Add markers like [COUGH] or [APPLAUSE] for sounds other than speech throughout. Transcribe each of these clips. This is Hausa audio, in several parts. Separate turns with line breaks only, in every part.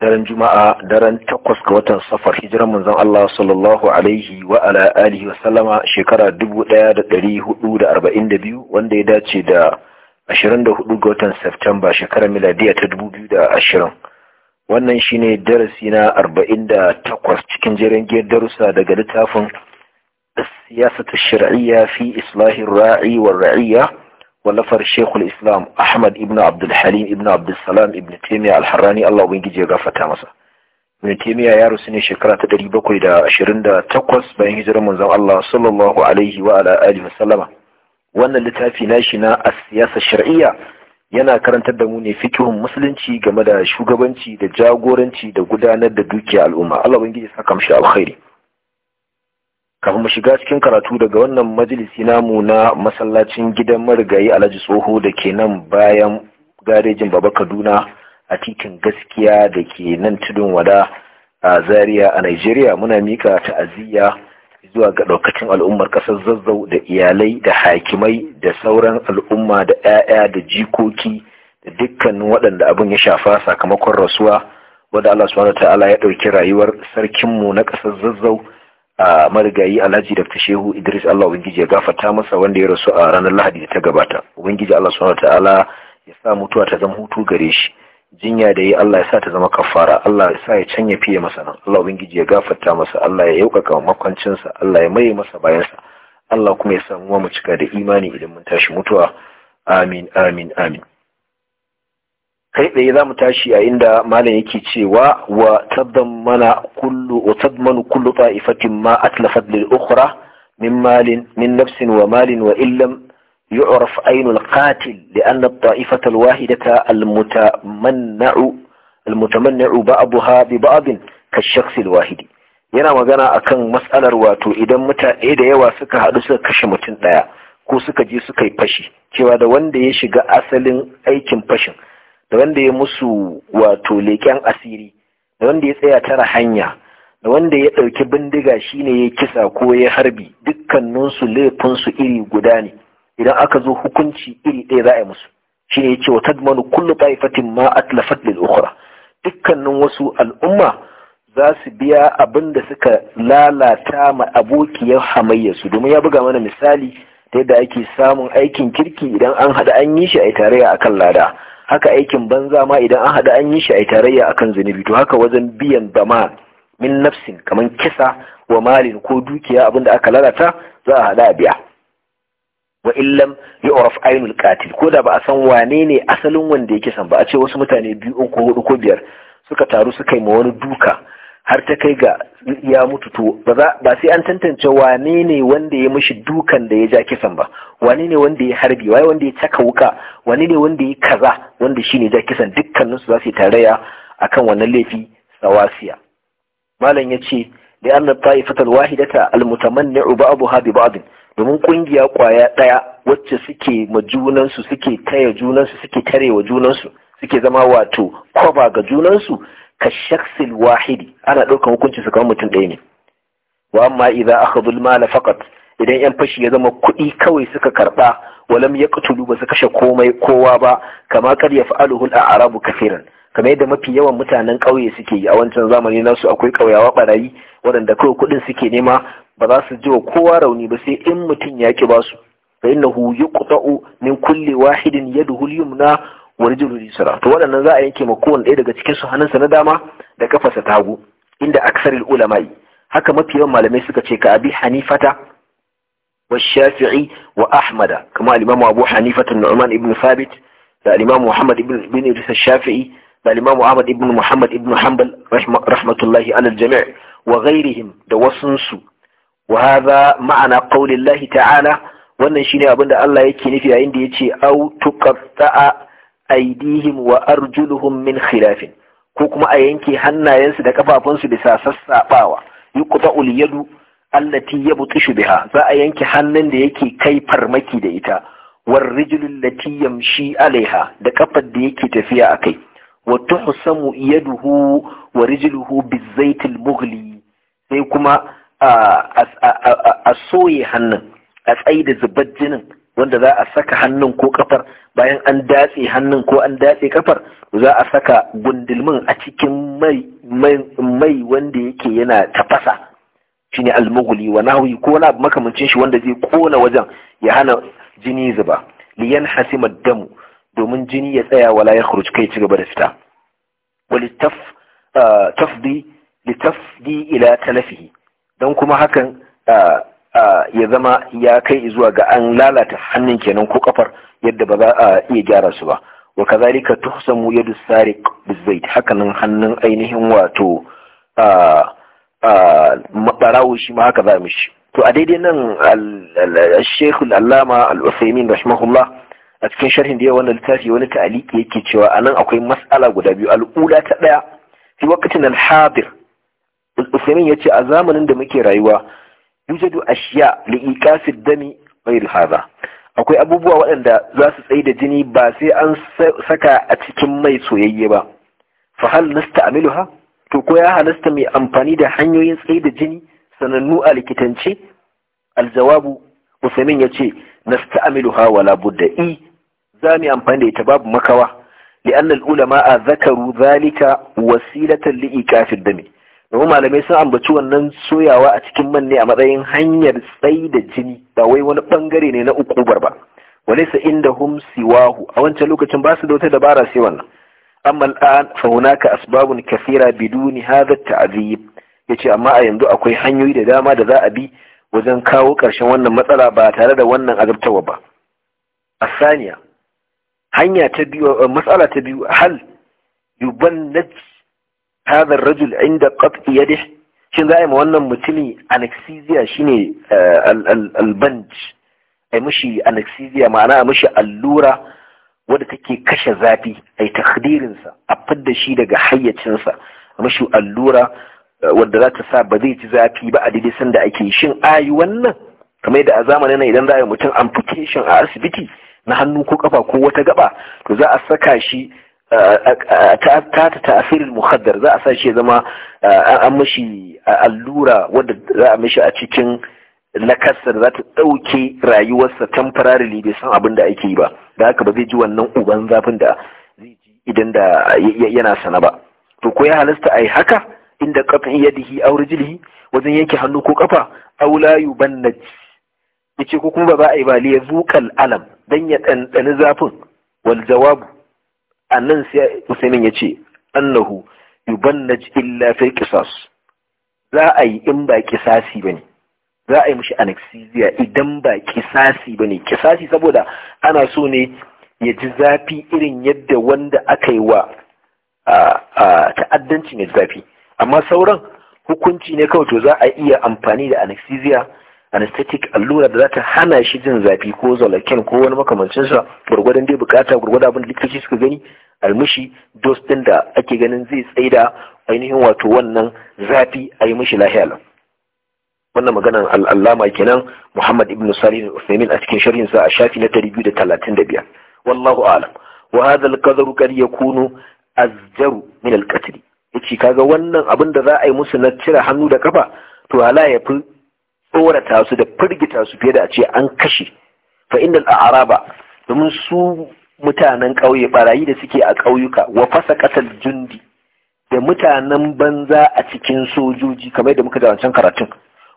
daren juma'a daren takwas ga watan safar hijiran manzon Allah sallallahu alaihi wa ala alihi wa sallama shekara 1442 wanda ya dace da 24 ga watan Septemba shekarar miladiya ta 2020 wannan shine darasi na 48 cikin jerin giyar darussa daga littafin siyasatu shar'iyya fi islahi ra'i wa ra'iyya wallafar shekul islam ahmad ibn abdulhalim ibn abdulsalam ibn taimiyya alharrani allah ubangiji ya gafata masa ibn taimiyya ya rusu ne shekara ta ɗari bakwai da ashirin da takwas bayan hijirar manzon allah sallallahu alaihi wa ala alihi wasallama wannan littafi nashi na siyasa shar'iyya yana karantar da mu ne fikihun musulunci game da shugabanci da jagoranci da gudanar da dukiya al'umma allah ubangiji ya saka mishi alkhairi kafin mu shiga cikin karatu daga wannan majalisi namu na masallacin gidan marigayi alhaji tsoho da ke nan bayan garejin baba kaduna a titin gaskiya da ke nan tudun wada a zaria a nigeria muna mika ta'aziyya zuwa ga daukacin al'ummar kasar zazzau da iyalai da hakimai da sauran al'umma da 'ya'ya da jikoki da dukkanin waɗanda abin ya shafa sakamakon rasuwa wadda allah subhanahu ta'ala ya ɗauki rayuwar sarkinmu na ƙasar zazzau a marigayi alhaji da shehu idris allah ubangiji ya gafata masa wanda ya rasu a ranar lahadi da ta gabata ubangiji allah subhanahu ta'ala ya sa mutuwa ta zama hutu gare shi jinya da yi allah ya sa ta zama kafara allah ya sa ya canya fiye masa nan allah ubangiji ya gafata masa allah ya yaukaka makwancinsa allah ya maye masa bayansa allah kuma ya samu mu cika da imani idan mun tashi mutuwa amin amin amin kai tsaye za mu tashi a inda malam yake cewa wa tadammana kullu wa tadmanu kullu ta'ifatin ma atlafat lil ukhra min malin min nafsin wa malin wa illam يعرف أين القاتل لأن الطائفة الواحدة المتمنع المتمنع ka ببعض al الواحد yana magana akan matsalar wato idan mutane da yawa suka hadu suka kashe mutum daya ko suka je suka yi fashi cewa da wanda ya shiga asalin aikin fashin da wanda ya musu wato leƙen asiri da wanda ya tsaya tara hanya da wanda ya ɗauki bindiga shine ya kisa ko ya harbi dukkaninsu laifinsu iri guda ne idan aka zo hukunci iri ɗaya za a yi musu shine ya ce wa tadmanu kullu ta'ifatin ma atlafat lil ukhra dukkanin wasu al'umma za su biya abin da suka lalata ma abokiyar hamayya su domin ya buga mana misali ta yadda ake samun aikin kirki idan an haɗa an yi shi a tarayya akan lada haka aikin banza ma idan an haɗu an yi shi a tarayya akan zunubi to haka wajen biyan ma min nafsin kaman kisa wa malin ko dukiya abin da aka lalata za a haɗu a biya wa illam uraf ainul qatil ko da ba a san wane ne asalin wanda ya kisan ba a ce wasu mutane biyu ko hudu ko biyar suka taru suka yi ma wani duka har ta kai ga ya mutu to ba sai an tantance wane ne wanda ya mishi dukan da ya ja kisan ba wane ne wanda ya harbi wai wanda ya caka wuka wane ne wanda ya kaza wanda shine ja kisan dukkanin su za su tarayya akan wannan laifi sawasiya malam ya yace da anna ta'ifatal wahidata almutamanni'u ba'daha bi ba'd domin kungiya kwaya ɗaya. wacce suke majunan su suke taya junan suke tarewa junan su suke zama wato kwaba ga junansu? ka shaksil wahidi ana ɗaukar hukunci su kamar mutum ɗaya ne wa amma idan aka zulma la faqat idan yan fashi ya zama kuɗi kawai suka karɓa walam ya kutulu ba su kashe komai kowa ba kama kar ya a Arabu kafiran kamar yadda mafi yawan mutanen ƙauye suke yi a wancan zamani nasu akwai ƙauyawa barayi waɗanda kawai kuɗin suke nema ba za su ji wa kowa rauni ba sai in mutum ya ƙi ba su fa innahu yuqta'u min kulli wahidin yaduhu al-yumna wani jirgin sara to waɗannan za a yanke ma kowane ɗaya daga cikin su hannunsa na dama da kafarsa ta hagu inda aksaril ulama'i haka mafi yawan malamai suka ce ka abi hanifata wa shafi'i wa ahmada kama alimamu abu hanifata nu'man ibn sabit da alimamu muhammad ibn idris shafi'i da al ahmad ibn muhammad ibn hanbal rahmatullahi ala jami wa ghairihim da wasunsu wa hadha ma'ana qawli ta'ala wannan shine abinda Allah yake nufi yayin da yace au tuqatta'a aidihim wa arjuluhum min khilafin ko kuma a yanke hannayensu da kafafunsu bisa sassaɓawa yuqta ul yadu allati yabtishu biha za a yanke hannun da yake kai farmaki da ita war rijlu allati yamshi alaiha da kafar da yake tafiya akai wa tuhsamu yaduhu wa rijluhu bizayt mughli sai kuma a soye hannun a tsaye da zubar jinin wanda za a saka hannun ko kafar bayan an datse hannun ko an datse kafar za a saka gundulmin a cikin mai wanda yake yana tafasa shine almuguli wa nahwi ko na makamancin shi wanda zai kona wajen ya hana jini zuba liyan hasima damu domin jini ya tsaya wala ya khuruj kai ci gaba da fita walitaf ah, tafdi ila talafihi don kuma hakan ah, ya zama ya kai zuwa ga an lalata hannun kenan ko kafar yadda ba za a iya gyara su ba wa kazalika mu yadu sariq bizait hakanan hannun ainihin wato a barawo shi ma haka za mu shi to a daidai nan al-Sheikh al-Allama al-Uthaymeen rahimahullah a cikin sharhin da ya wannan littafi wani ta'aliki yake cewa anan akwai mas'ala guda biyu al'ula ta daya fi waqtin al-hadir al ya ce a zamanin da muke rayuwa yujadu ashiya li iqasid dami ghayr hadha akwai abubuwa waɗanda za su tsaye da jini ba sai an saka a cikin mai soyayye ba fa hal nasta'miluha to ko ya halasta mai amfani da hanyoyin tsaye da jini sanannu a likitance aljawabu usaimin ya ce nasta'miluha wala budda i za mu amfani da ita babu makawa li'anna al-ulama zakaru zalika wasilatan li iqasid dami domin malamai sun ambaci wannan soyawa a cikin man ne a matsayin hanyar tsayi da jini ba wai wani bangare ne na ukubar ba inda hum siwahu a wancan lokacin ba su da wata dabara sai wannan amma al'an fa hunaka asbabun kathira biduni hadha at Ya yace amma a yanzu akwai hanyoyi da dama da za a bi wajen kawo ƙarshen wannan matsala ba tare da wannan azabtawa ba asaniya hanya ta biyu matsala ta biyu hal yuban hadha ar-rajul inda qat yadihi shin za a yi ma wannan mutumin anesthesia shine al-banj ai mishi ma'ana allura wadda take kashe zafi ai takdirinsa a fidda shi daga hayyacinsa. sa a mishi allura wadda za ta sa ba zai ci zafi ba a daidai sanda ake shin ayi wannan kamar yadda a zamanin nan idan za a yi mutum amputation a asibiti na hannu ko kafa ko wata gaba to za a saka shi ta ta tasirin muhaddar za a sa shi zama an mashi allura wadda za a mashi a cikin nakasar za ta ɗauke rayuwarsa temporarily bai san abin da ake yi ba da haka ba zai ji wannan uban zafin da zai ji idan da yana sana ba to ko ya halasta a yi haka inda kafin dihi aure rijlihi wajen yanke hannu ko kafa aw la Ya yace ko kuma ba za a yi ba li alam dan ya ɗanɗani zafin wal jawabu a nan sai usaimin ya ce annahu yubannaj illa fil qisas za a yi in ba kisasi bane za a yi mushi anesthesia idan ba kisasi bane kisasi saboda ana so ne ya ji zafi irin yadda wanda aka yi wa ta'addancin ya ji zafi amma sauran hukunci ne kawai to za a iya amfani da anesthesia anesthetic allura da za ta hana shi jin zafi ko zalakin ko wani makamancinsa gwargwadon dai bukata gwargwadon abin da likitoci suka gani almushi dos din da ake ganin zai tsaida ainihin wato wannan zafi a yi mishi lahiyalan wannan maganan al'allama kenan muhammad ibn salim Uthamin a cikin sharhin sa a shafi na 235 wallahu a'lam wa hadha al ya kad yakunu azjaru min al-qatl yace kaga wannan abin da za a yi musu na cire hannu da kafa to hala ya fi tsorata su da firgita su fiye da a ce an kashe fa innal a'raba domin su mutanen ƙauye barayi da suke a ƙauyuka wa fasa ƙasar jundi da mutanen banza a cikin sojoji kamar da muka da wancan karatun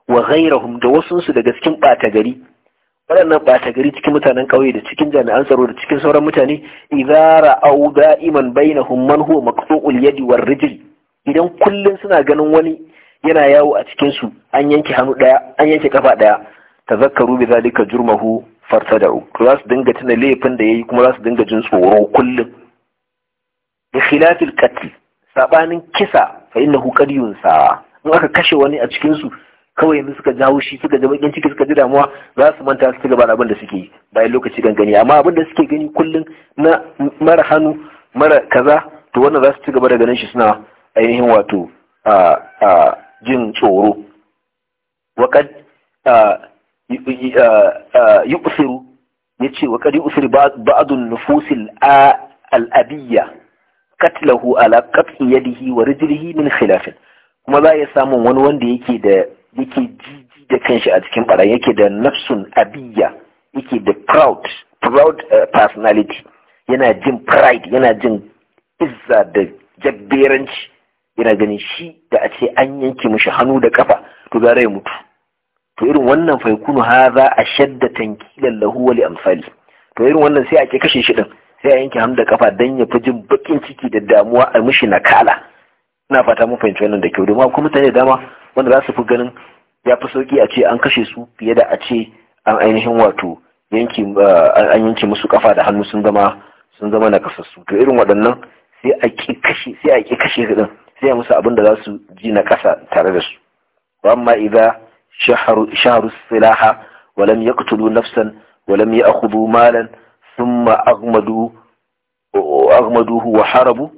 wa ghairahum da wasunsu daga cikin ɓata gari waɗannan ɓata gari cikin mutanen ƙauye da cikin jami'an tsaro da cikin sauran mutane idza ra'au da'iman bainahum man huwa maqtu'ul yadi war rijli idan kullun suna ganin wani yana yawo a cikin su an yanke hannu daya an yanke kafa daya tazakkaru bi zalika jurmahu fartada'u za su dinga tuna laifin da ya yi kuma za su dinga jin tsoro kullum Da khilafil qatl sabanin kisa fa innahu qad yunsa in aka kashe wani a cikinsu, kawai yanzu suka jawo shi suka ji bakin ciki suka ji damuwa za su manta su gaba da abin da suke yi bayan lokaci dan gani amma abin da suke gani kullum na mara hannu mara kaza to wannan za su ci da ganin shi suna ainihin wato a jin tsoro yuqsiru uh, uh, yace wa qad yusri ba'dun nufusil al katlahu ala qat'i yadihi wa rijlihi min khilaf kuma za ya samu wani wanda yake da yake jiji da kanshi a cikin bara yake da nafsun abiyya yake da proud uh, personality yana jin pride yana jin izza da jabberanci yana ganin shi da a ce an yanke mishi hannu da ƙafa to gara ya mutu to irin wannan fa za a shadda tankilan lahu wa li amsali to irin wannan sai a ke kashe shi din sai a yanke hannu da kafa dan ya fi jin bakin ciki da damuwa a mishi nakala ina fata mun fahimci wannan da kyau domin kuma mutane dama wanda za su fi ganin ya fi sauki a ce an kashe su fiye da a ce an ainihin wato yanki eh, an yanke musu kafa da hannu sun zama sun zama nakasassu to irin waɗannan sai a ki kashe sai a ki kashe din sai a musu abin da za su ji na kasa tare da su amma idan shaharu silaha walam yaqtulu nafsan walam ya'khudhu malan thumma aghmadu aghmaduhu wa harabu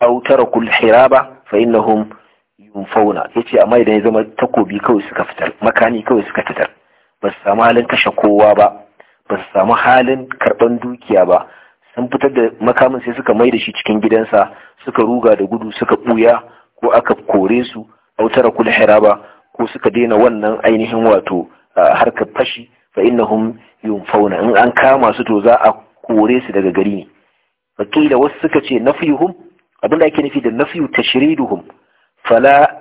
aw taraku al-hiraba fa innahum yunfauna yace amma idan ya zama takobi kawai suka fitar makani kawai suka fitar ba samu halin kashe kowa ba ba samu halin karɓar dukiya ba sun fitar da makamin sai suka mai da shi cikin gidansa suka ruga da gudu suka ɓuya, ko aka kore su autara kul hiraba ko suka daina wannan ainihin wato harkar fashi fa innahum yunfauna in an kama su to za a kore su daga gari ne kila wasu suka ce abin abinda ake nufi da nafiyu tashriduhum fala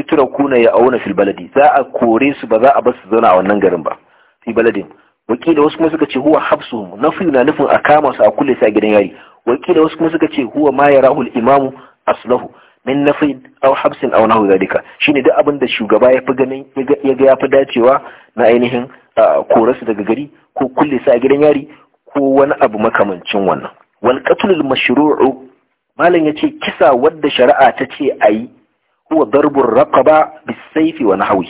itrakuna ya auna fil baladi za a kore su ba za a bar su zauna a wannan garin ba fi baladin wakila wasu kuma suka ce huwa habsuhum nafiyu na nufin a kama su a kulle su a gidan yari wakila wasu kuma suka ce huwa ma yarahul imamu aslahu min nafin aw habsin aw nahu zalika shine duk abin da shugaba ya fi ganin ya ga ya fi dacewa na ainihin korasu daga gari ko kulle sa a gidan yari ko wani abu makamancin wannan wal qatlul mashru'u malam yace kisa wadda shari'a ta ce ayi huwa darbur raqaba bisayfi wa nahwi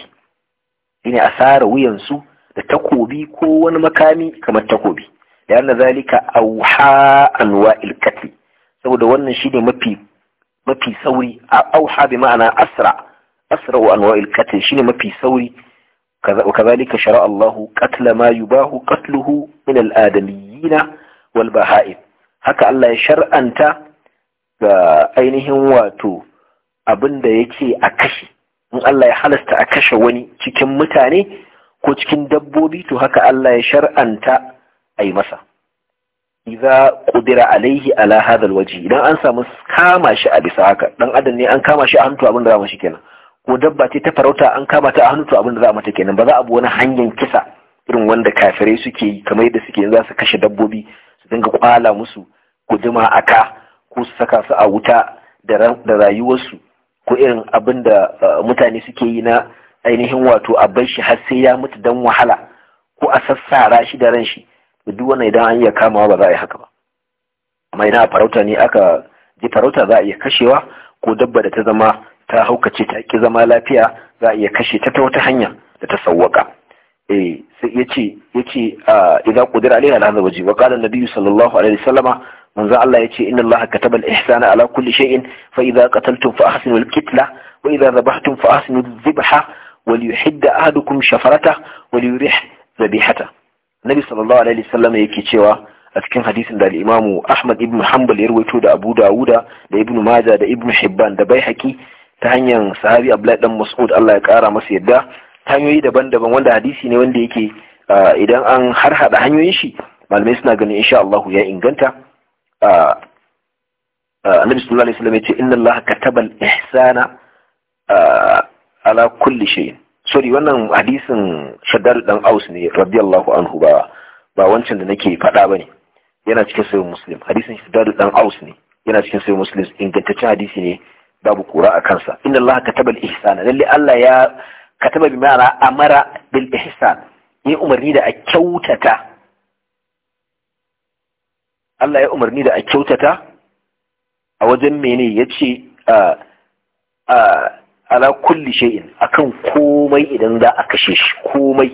ina asara wuyan su da takobi ko wani makami kamar takobi da yana zalika auha anwa'il qatl saboda wannan shine mafi mafi sauri auha bi ma'ana asra asra wa anwa'il qatl shine mafi sauri kazalika shara Allahu qatla ma yubahu qatluhu min al wal baha'im haka Allah ya shar'anta ga ainihin wato abinda yake a kashe. in Allah ya halasta a kashe wani cikin mutane ko cikin dabbobi to haka Allah ya shar'anta a yi masa Iza kudira alaihi ala hadal waje. idan an samu kama shi a bisa haka dan adam ne an kama shi a hannu abin da za mu shi kenan ko dabba ce ta farauta an kama ta a hannu abin da za mu ta kenan ba za a bi wani hanyar kisa irin wanda kafirai suke yi kamar yadda suke za su kashe dabbobi su dinga kwala musu guduma a ka ko su saka su a wuta da rayuwarsu ko irin abin da mutane suke yi na ainihin wato a bar shi har sai ya mutu dan wahala ko a sassara shi da ran shi duk wannan idan an iya kamawa ba za a yi haka ba amma idan a farauta ne aka ji farauta za a iya kashewa ko dabba da ta zama ta haukace ta ki zama lafiya za a iya kashe ta ta wata hanya da ta sawwaka eh sai yace yace ah, idza qudira alaiha hadha waji wa qala an-nabi sallallahu alaihi wasallama manzo Allah ya inna Allah kataba al-ihsana ala kulli shay'in fa idza qataltum fa ahsinu al-qitla wa idza dhabhtum fa ahsinu adh-dhibha وليحد nabi sallallahu alaihi wasallam yake cewa a cikin hadisin da al-imamu ahmad ibn hanbal ya rawaito da abu dawuda da ibn maja da ibn hibban da baihaqi ta hanyar sahabi Abdullah dan mas'ud Allah ya kara masa yadda hanyoyi daban-daban wanda hadisi ne wanda yake idan an har hanyoyin shi malamai suna ganin insha Allah ya inganta annabi sallallahu alaihi wasallam ya ce inna Allah kataba al-ihsana ala kulli shay'in sorry wannan hadisin shaddad dan aus ne radiyallahu anhu ba ba wancan da nake faɗa ba ne yana cikin sayo muslim hadisin shaddad dan aus ne yana cikin sayo muslim ingantaccen hadisi ne babu kura a kansa inna allaha kataba al ihsana lalle allah ya kataba bi ma'ana amara bil ihsan ya umarni da a kyautata Allah ya umarni da a kyautata a wajen mene ya ce ah, ah, ala kulli shay'in akan komai idan za a kashe shi komai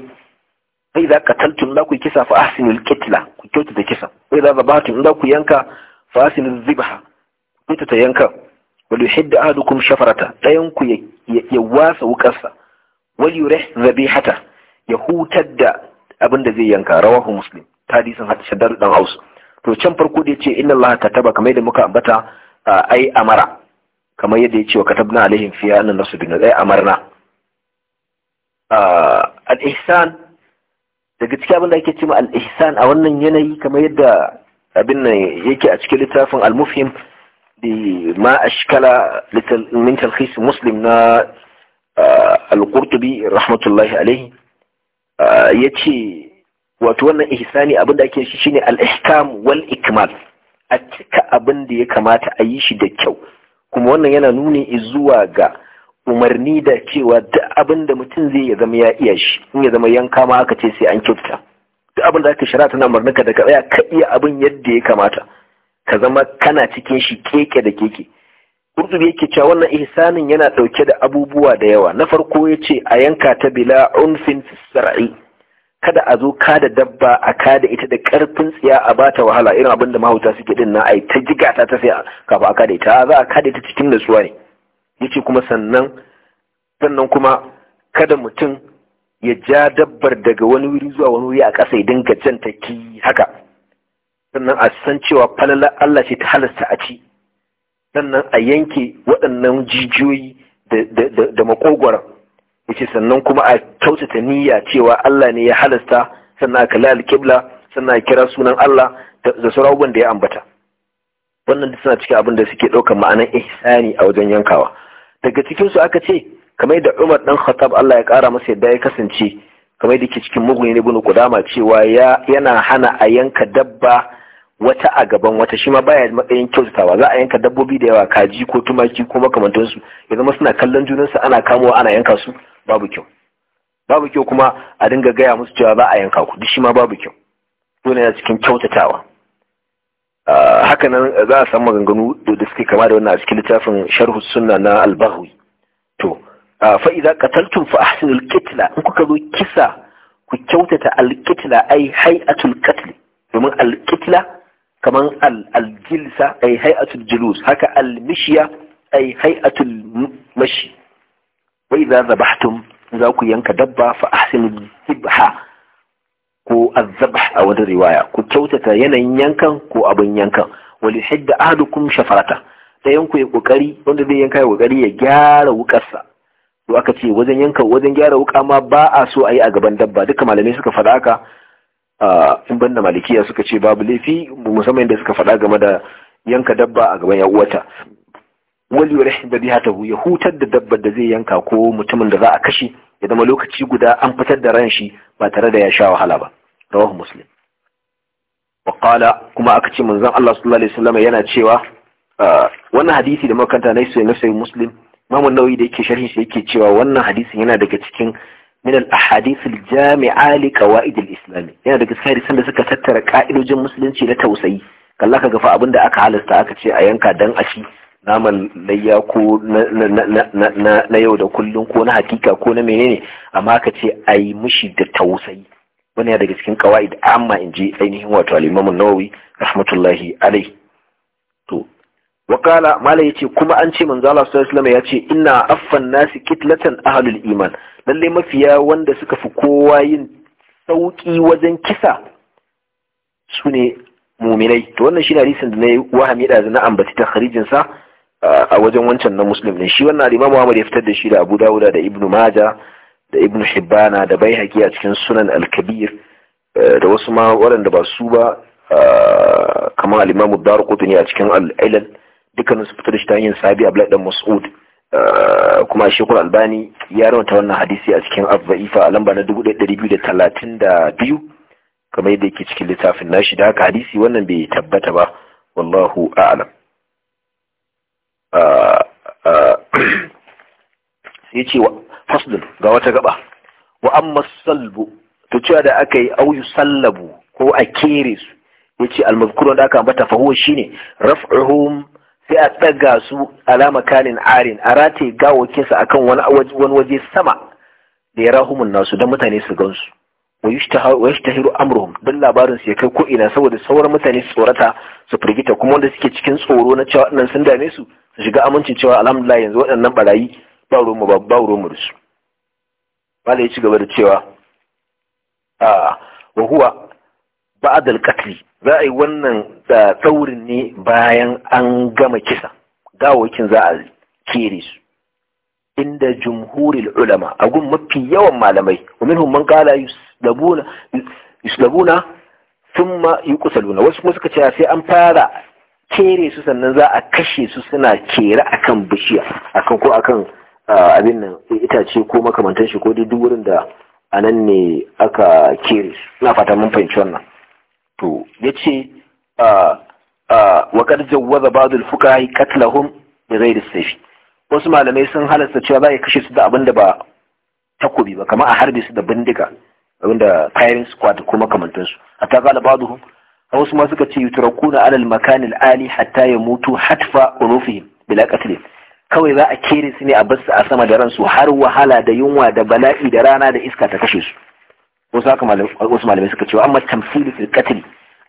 sai za ka taltun za ku kisa fa ahsinul kitla ku kyautu da kisa sai za zabatun za ku yanka fa ahsinul zibha ku ta yanka wal yuhidda ahadukum shafarata dayan ku ya wasa wukarsa wal yurih zabihata ya hutar da abin da zai yanka rawahu muslim hadisin shaddar dan aus to can farko da yace inna allaha kataba kamar da muka ambata ai amara kamar yadda ya ce wa katabna alaihim fiya annan nasu bin zai amarna ah, al-ihsan daga cikin abin da ake cewa al-ihsan a wannan yanayi kamar yadda abin nan yake a cikin littafin al-mufhim bi ma ashkala min talkhis muslim na ah, al-qurtubi rahmatullahi alaihi ah, yace wato wannan ihsani abin da ake shi shine al-ihkam wal ikmal a cika abin da ya kamata a yi shi da kyau kuma wannan yana nuni zuwa ga umarni da cewa duk abin da mutum zai ya zama ya iya shi in ya zama yanka ma aka ce sai an kyauta duk abin da aka shara tana umarninka da ka tsaya ka iya abin yadda ya kamata ka zama kana cikin shi keke da keke Kurtubi yake cewa wannan ihsanin yana dauke da abubuwa da yawa na farko ya ce a yanka ta bila unfin sar'i kada a zo kada dabba a kada ita da karfin tsiya a bata wahala irin abin da mahauta suke din na ai ta jiga ta ta sai kafa a kada ita za a kada ita cikin suwa ne yace kuma sannan sannan kuma kada mutum ya ja dabbar daga wani wuri zuwa wani wuri a ƙasa ya dinga jan ta ki haka sannan a san cewa falala Allah ce ta halasta a ci sannan a yanke waɗannan jijiyoyi da makogwaron yake sannan kuma a kyautata niyya cewa Allah ne ya halasta sannan a kalli Kibla, sannan a kira sunan Allah da sauran da ya ambata wannan da suna cikin abin da suke ɗaukar ma'anar ihsani a wajen yankawa daga cikin su aka ce kamar da Umar dan Khattab Allah ya ƙara masa yadda ya kasance kamar da ke cikin mugun ibn Qudama cewa ya yana hana a yanka dabba wata a gaban wata shi ma baya matsayin kyautatawa za a yanka dabbobi da yawa kaji ko tumaki ko makamantansu ya zama suna kallon junansu ana kamowa ana yanka su babu kyau babu kyau kuma a dinga gaya musu cewa za a yanka ku duk shi ma babu kyau dole yana cikin kyautatawa ah, haka nan za a samu maganganu da suke kama da wannan a cikin littafin sharhu sunna na al to fa idza qataltum fa ahsinul qitla in kuka zo kisa ku kyautata al-qitla ai hay'atul qatl domin al-qitla kaman al-jilsa ai hay'atul julus haka al-mishya ai hay'atul mashi wai za zabahtum za ku yanka dabba fa ahsinul zibha ko azzabh a wani riwaya ku kyautata yanayin yankan ko abin yankan wal hidda ahadukum shafarata dayan ku ya kokari wanda zai yanka ya kokari ya gyara wukarsa to aka ce wajen yanka wajen gyara wuka ma ba a so a yi a gaban dabba duka malamai suka faɗa haka in banda malakiya suka ce babu laifi musamman da suka faɗa game da yanka dabba a gaban ya uwata wali wa rahim zabihatahu ya hutar da dabbar da zai yanka ko mutumin da za a kashe ya zama lokaci guda an fitar da ran shi ba tare da ya sha wahala ba rawahu muslim wa qala kuma aka ce manzon Allah sallallahu alaihi wasallam yana cewa ah, wannan hadisi da makanta na sai na sai muslim Imam an-Nawawi da yake sharhi shi yake cewa wannan hadisin yana daga cikin min al-ahadith al-jami'a li qawaid al-islam yana daga cikin hadisan da suka tattara ka'idojin musulunci na tausayi kalla ka gafa abinda aka halasta aka ce a yanka dan ashi naman layya ko na yau da kullum ko na hakika ko na menene amma ka ce a yi mushi da tausayi wani ya daga cikin kawai da amma in ji ainihin wato alimamun nawawi rahmatullahi alai to wakala mala ya ce kuma an ce manzala su islam ya ce ina affan nasi kitlatan ahalul iman lalle mafiya wanda suka fi kowa yin sauki wajen kisa su ne muminai to wannan shi hadisin da na yi wahami da na ambaci ta sa a wajen wancan na muslim ne shi wannan al amur ya fitar da shi da Abu Dawud da ibnu maja da ibnu Hibbana da Baihaqi a cikin Sunan alkabir eh, da wasu ma waɗanda ba su ba kamar al-imamu Darqutni a cikin al dukkanin su fitar da shi ta hanyar sahabi Abdullah dan Mas'ud eh, kuma Sheikhul Albani ya rawata wannan hadisi a cikin Az-Za'ifa a lamba na 1232 kamar yadda yake cikin littafin nashi da haka hadisi wannan bai tabbata ba wallahu a'lam sai ce wa ga wata gaba wa amma salbu to cewa da aka yi auyu sallabu ko a kere su ya ce almazkurun da aka ambata fahuwa shine raf'uhum sai a ɗaga su alama kanin arin a rataye gawakinsa akan wani waje sama da ya rahumun nasu don mutane su gansu wa yashtahiru amruhum don labarin su ya kai ko'ina ina saboda sauran mutane su tsorata su firgita kuma wanda suke cikin tsoro na cewa nan sun dame su shiga amincin cewa alhamdulillah yanzu waɗannan barayi ba ruwanmu ba ba ruwanmu da su bala ya ci gaba da cewa a wa huwa ba'dal qatl za a yi wannan tsaurin ne bayan an gama kisa gawakin za a kere su inda jumhuril ulama a gun mafi yawan malamai wa minhum man qala yuslabuna yuslabuna thumma yuqsaluna wasu kuma suka ce sai an fara kere su sannan za a kashe su suna kera akan bishiya akan ko akan abin nan itace ko makamantan shi ko dai duk wurin da anan ne aka kere su ina fata mun fahimci wannan to yace wa kad jawwaza ba'd al-fuqaha qatlahum bi ghairi sayfi wasu malamai sun halasta cewa za a kashe su da abin da ba takobi ba kamar a harbe su da bindiga da firing squad ko makamantansu hatta qala ba'dhum wasu ma suka ce yutrakuna alal makanin ali hatta ya mutu hatfa fa bila qatlin kawai za a kere su ne a basu a sama da ransu har wahala da yunwa da bala'i da rana da iska ta kashe su wasu haka wasu malamai suka ce amma tamsili fil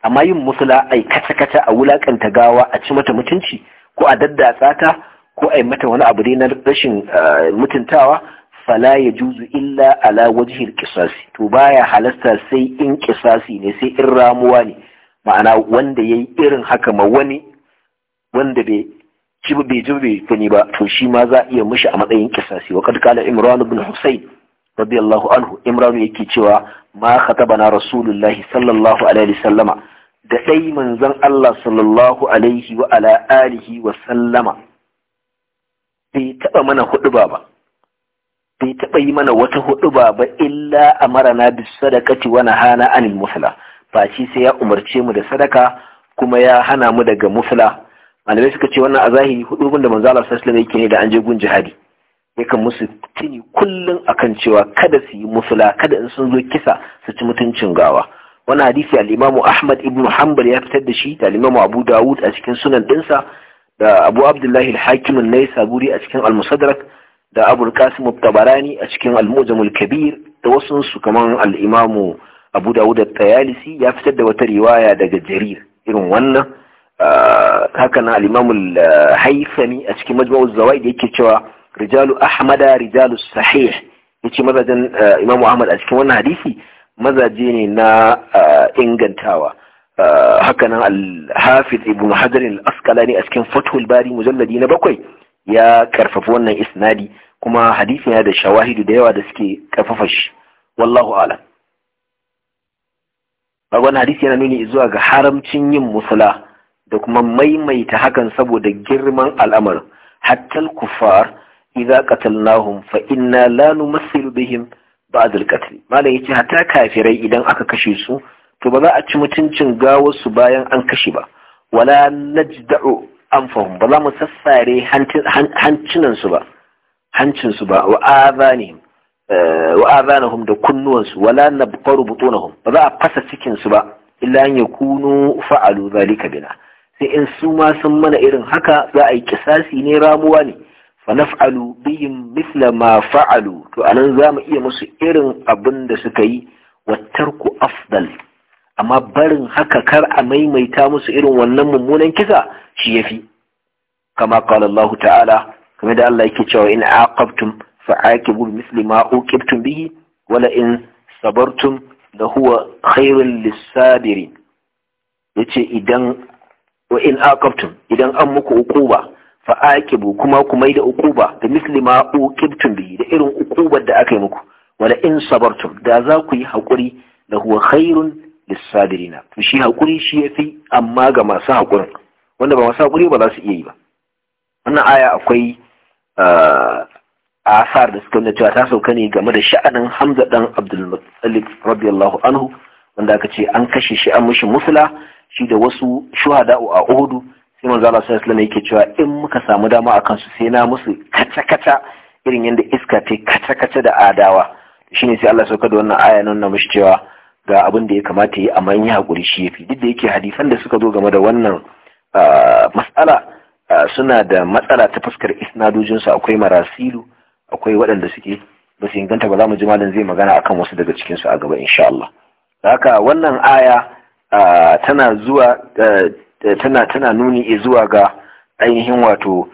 amma yin musula ai kata kata a wulakanta gawa a ci mata mutunci ko a daddatsa ta ko a yi mata wani abu dai na rashin eh, mutuntawa fala ya juzu illa ala wajhil qisasi to baya halasta sai in qisasi ne sai in ramuwa ne ma'ana wanda yayi irin haka ma wani wanda bai ci bai ji bai gani ba to shi ma za a iya mishi a matsayin kisasi wa kad kala imran ibn husayn radiyallahu anhu imran yake cewa ma khatabana rasulullahi sallallahu alaihi wasallama da dai manzon Allah sallallahu alaihi wa ala alihi wa sallama bai taba mana huduba ba bai taba yi mana wata huduba ba illa amarana bis sadaqati wa nahana anil musla faci sai ya umarce mu da sadaka kuma ya hana mu daga mufla malamai suka ce wannan a zahiri hudubin da manzo Allah sallallahu alaihi yake ne da an je gun jihadi yakan musu tuni kullun akan cewa kada su yi mufla kada in sun zo kisa su ci mutuncin gawa wannan hadisi al-Imam Ahmad ibn Hanbal ya fitar da shi da al-Imam Abu Dawud a cikin sunan dinsa da Abu Abdullahi al-Hakim an-Naisaburi a cikin al-Musaddarak da Abu Qasim al-Tabarani a cikin al-Mujam al-Kabir da wasu su kaman al-Imam abu dawud at-tayalisi ya fitar da wata riwaya daga jarir irin wannan ah, haka na al-imam al a cikin majmu'uz zawaid yake cewa rijalu ahmada rijalu sahih yace mazajen ah, imam ahmad a cikin wannan hadisi mazaje ne na ah, ingantawa haka nan al-hafiz ibn hajar al-asqalani a cikin fathul bari mujalladi na bakwai ya karfafa wannan isnadi kuma hadisi yana da shawahidi da yawa da suke karfafa shi wallahu a'lam wani hadisi yana nuni zuwa ga haramcin yin musula da kuma maimaita hakan saboda girman al'amar, hattal kufar idza qatalnahum fa inna la numassilu bihim ba'd al-qatl malam yace hatta kafirai idan aka kashe su to ba za a ci mutuncin gawar su bayan an kashe ba wala najda'u anfahum ba za mu sassare hancinsu ba hancin ba wa Eh, wa azanahum da kunnuwansu wala nabqaru butunahum ba za a fasa cikin su ba illa an yakunu fa'alu zalika bina sai in su ma sun mana irin haka za a yi kisasi ne ramuwa ne fa naf'alu bihim mithla ma fa'alu to anan za mu iya musu irin abin da suka yi wa tarku afdal amma barin haka kar a maimaita musu irin wannan mummunan kisa shi yafi kama qala ta'ala kamar da Allah yake cewa in aqabtum fa'aqibu misli ma uqibtum bihi wala in sabartum da huwa khairul lisabirin yace idan wa in aqabtum idan an muku uquba fa aqibu kuma ku maida ukuba da misli ma uqibtum bi da irin ukubar da aka yi muku wala in sabartum da za ku yi hakuri da huwa khairun lisabirina to shi hakuri shi yafi amma ga masu hakurin wanda ba masu hakuri ba za su iya yi ba wannan aya akwai A asar da suka nuna cewa ta sauka ne game da sha'anin hamza dan abdulmuttalib radiyallahu anhu wanda aka ce an kashe shi an mushi musula shi da wasu shuhada a uhudu sai manzo Allah sallallahu alaihi yake cewa in muka samu dama a kansu sai na musu kaca kaca irin yadda iska ta kaca kaca da adawa shine sai Allah sauka da wannan aya nan na mushi cewa ga abin da ya kamata yi amma yi hakuri shi yafi duk da yake hadisan da suka zo game da wannan ah, mas'ala ah, suna da matsala ta fuskar isnadojinsu akwai marasilu akwai waɗanda suke ba su inganta ba za mu ji malam zai magana kan wasu daga cikin su a gaba insha Allah haka wannan aya tana zuwa tana tana nuni zuwa ga ainihin wato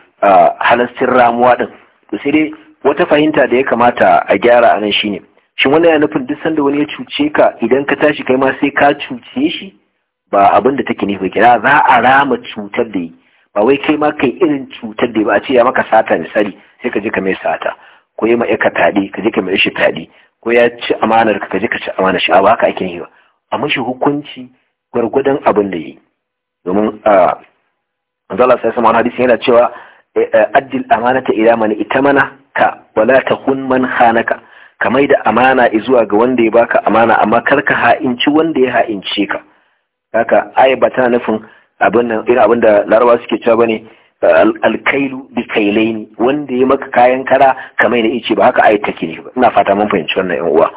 halastin ramuwa din to sai dai wata fahimta da ya kamata a gyara a anan shine shin wannan ya nufin duk sanda wani ya cuce ka idan ka tashi kai ma sai ka cuce shi ba abin da take nufi kira za a rama cutar da yi ba wai kai ma kai irin cutar da yi ba a ce ya maka sata misali sai ka je ka mai sata ko yi ma taɗi ka je ka mai shi taɗi ko ya ci amanar ka je ka ci amanar shi a ba ake yi wa? a mashi hukunci gwargwadon abin da yi domin a zala sai sama hadisi yana cewa e, e, addil amanata ila man itamana ka wala hun man hana ka mai da amana zuwa ga wanda ya baka amana amma kar ka ha'inci wanda ya ha'ince ka haka ai ba tana nufin abin irin abin da larabawa suke cewa ba ne. alkailu bi ne. wanda ya maka kayan kara kamar da ice ba haka ayat take ne ba ina fata mun fahimci wannan yan uwa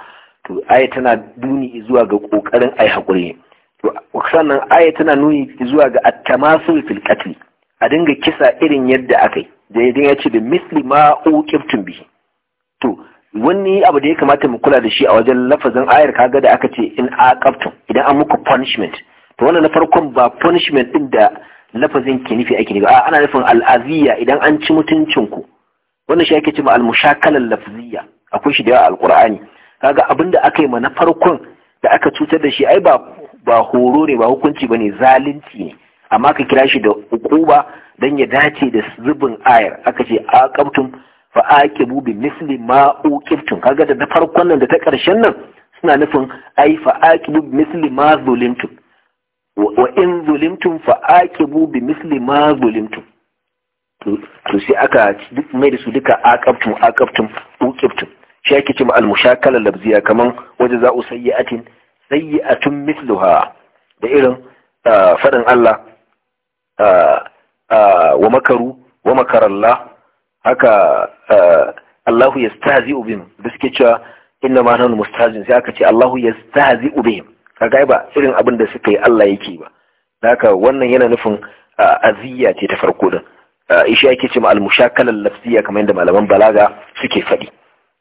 to ayat tana duni zuwa ga kokarin ai hakuri to sannan ayat tana nuni zuwa ga at-tamasul fil qatl a dinga kisa irin yadda akai da idan ya ce da misli ma uqibtum bi to wani abu da ya kamata mu kula da shi a wajen lafazin ayar kaga da aka ce in aqabtum idan an muku punishment to wannan na farkon ba punishment din da lafazin ke nufi ake nufi a ana nufin al'aziyya idan an ci mutuncinku wannan shi ake ma al-mushakalan lafziyya akwai shi da yawa alqur'ani kaga abinda aka yi ma na farkon da aka cutar da shi ai ba ba horo ne ba hukunci bane zalunci ne amma ka kira shi da ukuba dan ya dace da zubin ayar aka ce aqabtum fa aqibu bi misli ma uqibtum kaga da farkon nan da ta karshen nan suna nufin ai fa aqibu bi misli ma zulimtum wain in zulimtum fa bi misli ma zulimtum to sai aka mai da su duka aqabtum aqabtum uqibtum shi ake cewa al labziya kaman waje za'u sayyi'atin sayyi'atun mithluha da irin faɗin Allah wa makaru wa makaralla, haka Allahu yastahzi'u bihim da suke cewa inna ma nahnu mustahzi'un sai aka ce Allahu yastahzi'u bihim Ka ga ba irin abin da suka yi Allah yake ba haka wannan yana nufin aziyya ce ta farko din isha yake ce al-mushakalan lafziya kamar yadda malaman balaga suke faɗi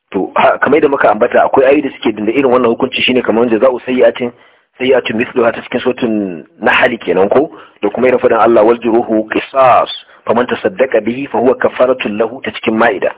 to kamar yadda muka ambata akwai ayoyi da suke dinda irin wannan hukunci shine kamar za'u sayi sayyi'atun mithluha ta cikin na hali kenan ko da kuma irin fadin Allah wal juruhu qisas faman tasaddaqa bihi fa huwa kafaratun lahu ta cikin ma'ida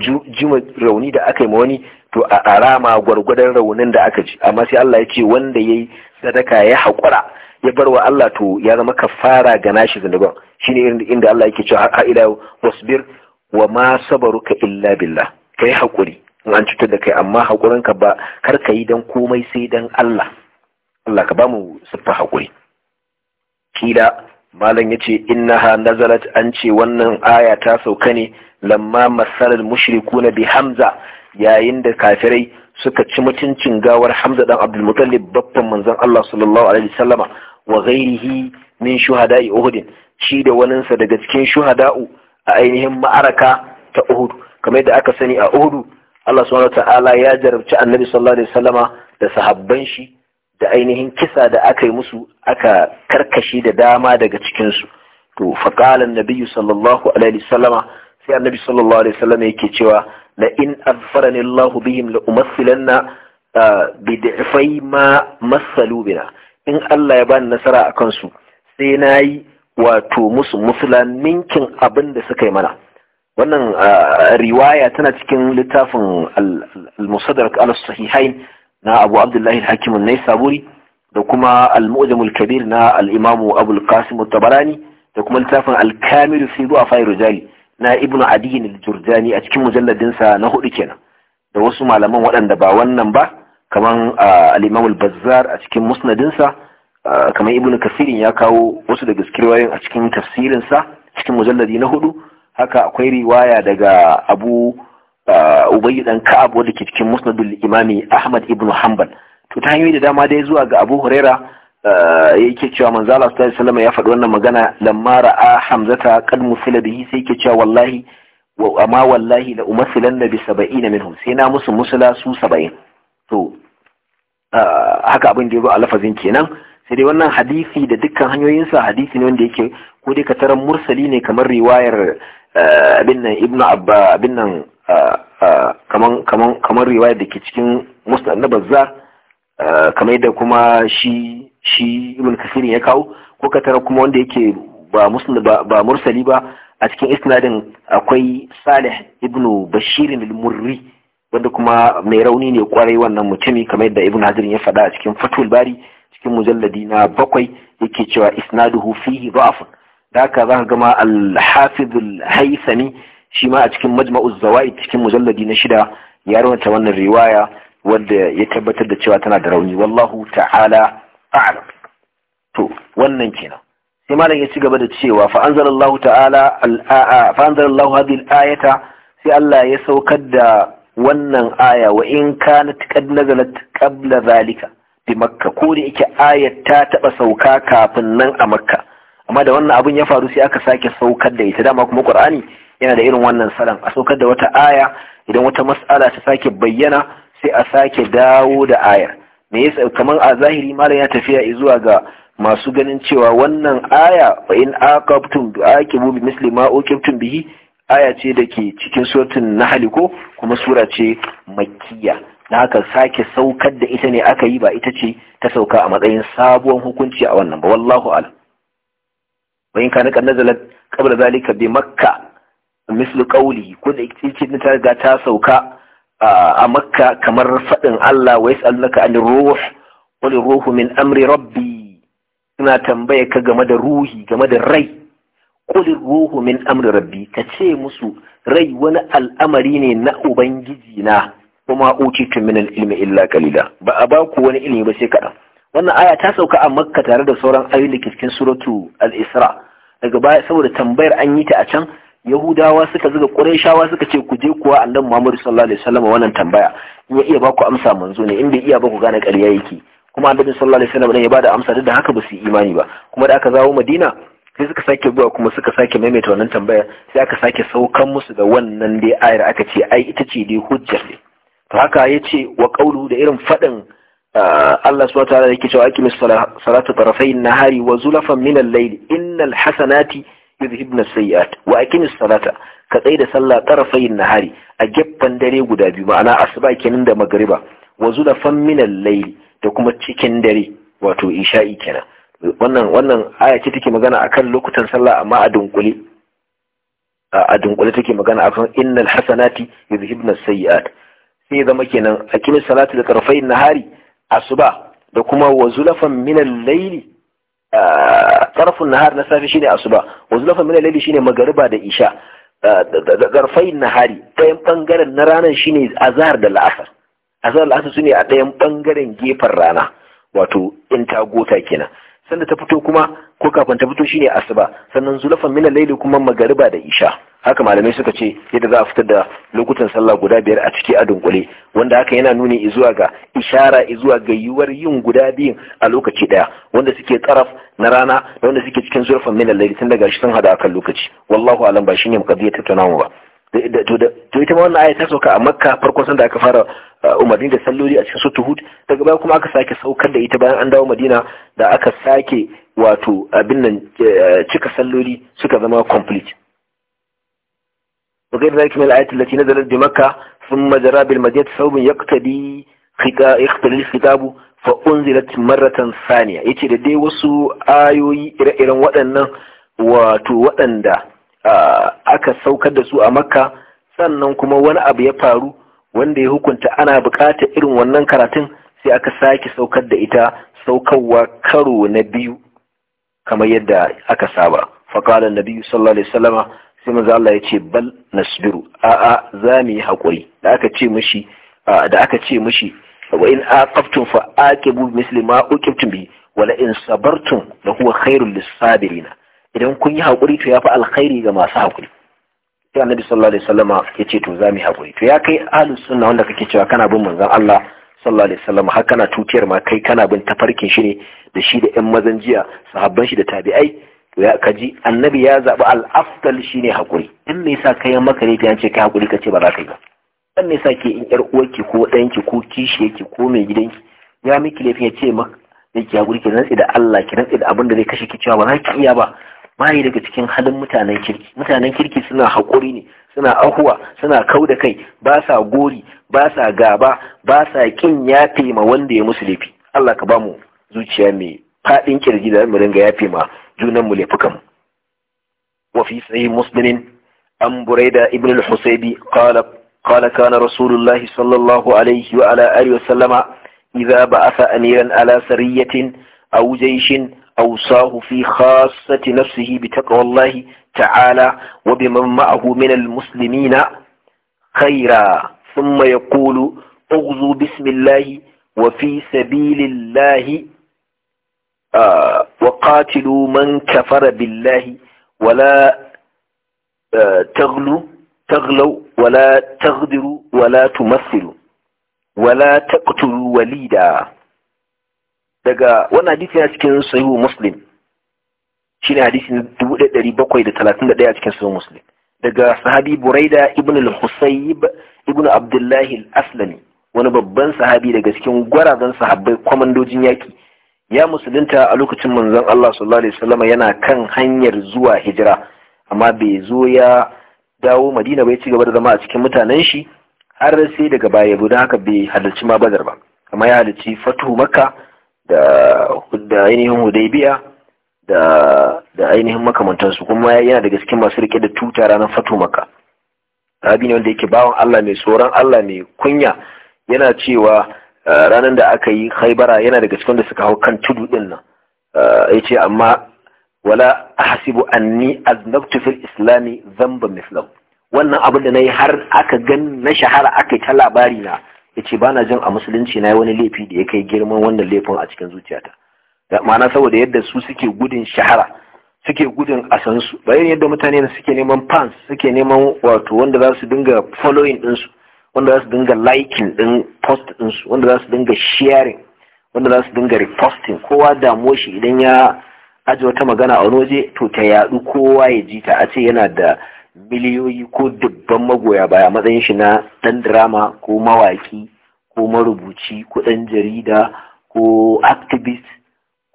jima rauni da aka yi ma wani to a arama gwargwadon raunin da aka ji amma sai Allah ya ce wanda yayi sadaka ya haƙura ya bar wa Allah to ya zama kafara ga nashi zunuban shine inda Allah yake cewa ha ila wasbir wa ma sabaruka illa billah kai haƙuri in an cutar da kai amma ka ba kar ka yi dan komai sai dan Allah Allah ka bamu siffa haƙuri kila malam yace innaha nazalat an ce wannan aya ta sauka ne lamma masalal mushrikuna bi hamza yayin da kafirai suka ci mutuncin gawar Hamza dan Abdul babban manzon Allah sallallahu alaihi wasallama wa ghairihi min shuhada'i uhudin shi da waninsa daga cikin shuhada'u a ainihin ma'araka ta Uhud kamar yadda aka sani a Uhud Allah subhanahu ta'ala ya jarabci Annabi sallallahu alaihi da sahabban shi da ainihin kisa da aka yi musu aka karkashi da dama daga cikinsu. to faqala an sallallahu alaihi sai Annabi sallallahu alaihi wasallama yake cewa da in azfarani Allah bihim la umassilanna na uh, da'fai ma masalu bina in Allah ya bani nasara a kansu. sai nayi wato musu musulminkin abin da suka yi mana wannan uh, riwaya tana cikin littafin al-musaddarak al-sahihain na Abu Abdullah al-Hakim an-Naisaburi da kuma al-Mu'jam al-Kabir na al-Imam Abu al-Qasim tabarani da kuma littafin al-Kamil fi Du'afa rijali na ibnu adiyin jurjani a cikin mujalladinsa na hudu kenan da wasu malaman waɗanda ba wannan ba kaman al bazzar a cikin musnadinsa kaman ibnu kasirin ya kawo wasu daga cikin a cikin tafsirinsa cikin mujalladi na hudu haka akwai riwaya daga abu ubayy dan ka'ab wanda ke cikin musnadul imami ahmad ibnu hanbal to ta hanyoyi da dama dai zuwa ga abu huraira Eh, yake cewa manzo Allah sallallahu alaihi wasallam ya faɗi wannan magana lamma ra'a hamzata qad musila bihi sai yake cewa wallahi wa amma wallahi la umasilanna nabi 70 minhum sai na musu musula su 70 to eh, haka abin da yazo a lafazin kenan sai dai wannan hadisi da dukkan hanyoyin sa hadisi ne wanda yake ko dai kataran mursali ne kamar riwayar eh, abin nan ibnu abba abin nan kaman kaman kamar riwayar da ke cikin musnad na bazzar kamar da kuma shi shi ibn kasiri ya kawo ko ka tara kuma wanda yake ba ba mursali ba a cikin isnadin akwai salih ibn bashir al-murri wanda kuma mai rauni ne kwarai wannan mutumi kamar yadda ibn Hadirin ya faɗa a cikin fatul bari cikin mujalladi na bakwai yake cewa isnaduhu fihi da'afun da haka zaka gama al-hafiz al-haythami shi ma a cikin majma'uz zawaid cikin mujalladi na shida ya rawaita wannan riwaya wanda ya tabbatar da cewa tana da rauni wallahu ta'ala a'lam to wannan kenan sai malam ya ci gaba da cewa fa anzalallahu ta'ala al'a fa anzalallahu hadhihi al-ayata sai Allah ya saukar da wannan aya wa in kanat qad nazalat qabla zalika bi makka ko da yake ayat ta taba sauka kafin nan a makka amma da wannan abun ya faru sai aka sake saukar da ita dama kuma qur'ani yana da irin wannan salon a saukar da wata aya idan wata mas'ala ta sake bayyana sai a sake dawo da ayar me yasa kamar a zahiri malam ya tafiya zuwa ga masu ganin cewa wannan aya fa in aqabtum bi aqibu bi misli ma uqibtum bihi aya ce da ke cikin suratul nahl ko kuma sura ce makkiya na haka sake saukar da ita ne aka yi ba ita ce ta sauka a matsayin sabuwar hukunci a wannan ba wallahu alam wa in kana kan nazalat qabla zalika bi makka misli qawli ko da ita ce ta ta sauka a makka kamar faɗin Allah wa yas'alunaka anir ruh qul ruhu min amri rabbi suna tambaye ka game da ruhi game da rai qul ruhu min amri rabbi ka ce musu rai wani al'amari ne na ubangiji na kuma utitu min al illa kalila. ba a baku wani ilimi ba sai kaɗan wannan aya ta sauka a makka tare da sauran ayoyin da cikin suratu al-isra daga baya saboda tambayar an yi ta a can yahudawa suka zuga ƙurayshawa suka ce ku je kuwa annabi muhammadu sallallahu alaihi wasallam wannan tambaya in ya iya ba ku amsa manzo ne in bai iya ba ku gane ƙarya yake kuma annabi sallallahu alaihi wasallam ya bada amsa duk da haka ba su yi imani ba kuma da aka zawo madina sai suka sake zuwa kuma suka sake maimaita wannan tambaya sai aka sake saukan musu da wannan dai ayar aka ce ai ita ce dai hujjar ne to haka yace wa qawlu da irin fadin ah, Allah subhanahu wa ta'ala yake cewa aqimis salata tarafayn nahari wa zulafan min al-layl innal hasanati yuzhibna sayyi'at wa aqimis salata ka tsai da sallah tarafayin nahari a gefen dare guda biyu ma'ana asuba kenan da magriba wa zulafan min layl da kuma cikin dare wato isha'i kenan wannan wannan aya ce take magana akan lokutan sallah amma a dunkule a dunkule take magana akan innal hasanati yuzhibna sayyi'at sai zama kenan aqimis salata da tarafayin nahari asuba da kuma wa zulafan min al Ƙarfin nahar na safe shine asuba wa zulafan min shine magariba da isha da garfai nahari ɗayan bangaren na ranar shine azhar da la'asar azhar da la'asar sune a ɗayan ɓangaren gefen rana wato in ta gota kenan sanda ta fito kuma ko kafin ta fito shine asuba sannan zulafan min al kuma magariba da isha haka malamai suka ce yadda za a fitar da lokutan sallah guda biyar a ciki a dunkule wanda haka yana nuni zuwa ga ishara izuwa ga yiwuwar yin guda biyun a lokaci daya wanda suke tsaraf na rana da wanda suke cikin zulafan min al-layli tun daga shi sun hada akan lokaci wallahu alam ba shine muqaddiyar tattaunawa ba to ita ma wannan aya ta sauka a makka farkon sanda aka fara Uh, umarni da salloli a cikin sutu hud daga baya kuma aka sake saukar da ita bayan an dawo madina da aka sake wato abin nan eh, cika salloli suka zama complete وغير ذلك من الآيات التي نزلت بمكة ثم جرى بالمدينة ثوب يقتدي يقتدي الخطاب فأنزلت مرة ثانية يتي da dai wasu ayoyi ire-iren waɗannan wato waɗanda ah, aka saukar da su a makka sannan kuma wani abu ya faru wanda ya hukunta ana bukata irin wannan karatun sai aka sake saukar da ita saukarwa karo na biyu kamar yadda aka saba faƙalar nabi sallallahu alaihi sai manzo Allah ya ce bal nasbiru a'a za mu yi haƙuri da aka ce mishi da aka ce mishi wa in fa aqibu misli ma uqibtum bi wa in sabartum la huwa khairul lis idan kun yi haƙuri to yafi alkhairi ga masu haƙuri sai annabi sallallahu alaihi wasallama ce to za hakuri to ya kai ahlus sunna wanda kake cewa kana bin manzon Allah sallallahu alaihi wasallam har kana tutiyar ma kai kana bin tafarkin shi ne da shi da ƴan mazan jiya sahabban shi da tabi'ai to ya kaji annabi ya zabi al-afdal ne hakuri in me yasa kai maka ne ya ce kai hakuri kace ba za ka yi ba dan me yasa ke in ƴar uwarki ko ɗanki ko kishiyarki ko mai gidanki ya miki laifin ya ce maka zai ki hakuri ki rantsi da Allah ki rantsi da abin da zai kashe ki cewa ba za ki iya ba bayi daga cikin halin mutanen kirki mutanen kirki suna haƙuri ne suna ahuwa suna kau da kai ba sa gori ba sa gaba ba sa kin yafe ma wanda ya musu laifi Allah ka bamu zuciya mai faɗin kirji da mu dinga yafe ma junan mu laifukan wa fi sahih muslimin an buraida ibn al-husaybi qala qala kana rasulullahi sallallahu alaihi wa ala alihi wa sallama idza ba'atha amiran ala sariyatin aw jayshin أوصاه في خاصة نفسه بتقوى الله تعالى وبمن معه من المسلمين خيرا ثم يقول اغزوا بسم الله وفي سبيل الله آه، وقاتلوا من كفر بالله ولا آه، تغلو تغلو ولا تغدروا ولا تمثلوا ولا تقتلوا وليدا daga wannan hadisi yana cikin sahihu muslim shine hadisin 1731 a cikin sahihu muslim daga sahabi buraida ibn al-husayb ibn abdullahi al-aslami wani babban sahabi daga cikin gwarazan sahabbai kwamandojin yaki ya musulunta a lokacin manzon Allah sallallahu alaihi wasallam yana kan hanyar zuwa hijira amma bai zo ya dawo Madina bai ci gaba da zama a cikin mutanen shi har sai daga baya guda haka bai halarci ma Badar ba amma ya halarci fatu Makka da ainihin hudaibiya da da ainihin makamantansu kuma yana daga cikin masu rike da tuta ranar fatu maka rabi ne wanda yake bawan Allah mai tsoron Allah mai kunya yana cewa ah, ranar da aka yi haibara yana daga cikin da suka hau kan tudu din nan ah, ya ce amma wala ahsibu anni aznabtu fil islami dhanban mislahu wannan abin da na yi har aka gan na shahara aka ta labari na yace ba jin a musulunci na wani laifi da ya kai girman wannan laifin a cikin zuciyata ma'ana saboda yadda su suke gudun shahara suke gudun a san su bayan yadda mutane suke neman fans suke neman wato wanda za su dinga following ɗinsu wanda za su dinga liking ɗin post ɗinsu wanda za su dinga sharing wanda za su dinga reposting kowa damuwa shi idan ya aji wata magana a waje to ta yaɗu kowa ya ji ta a ce yana da miliyoyi ko dubban magoya baya matsayin shi na dan drama ko mawaki ko marubuci ko dan jarida ko activist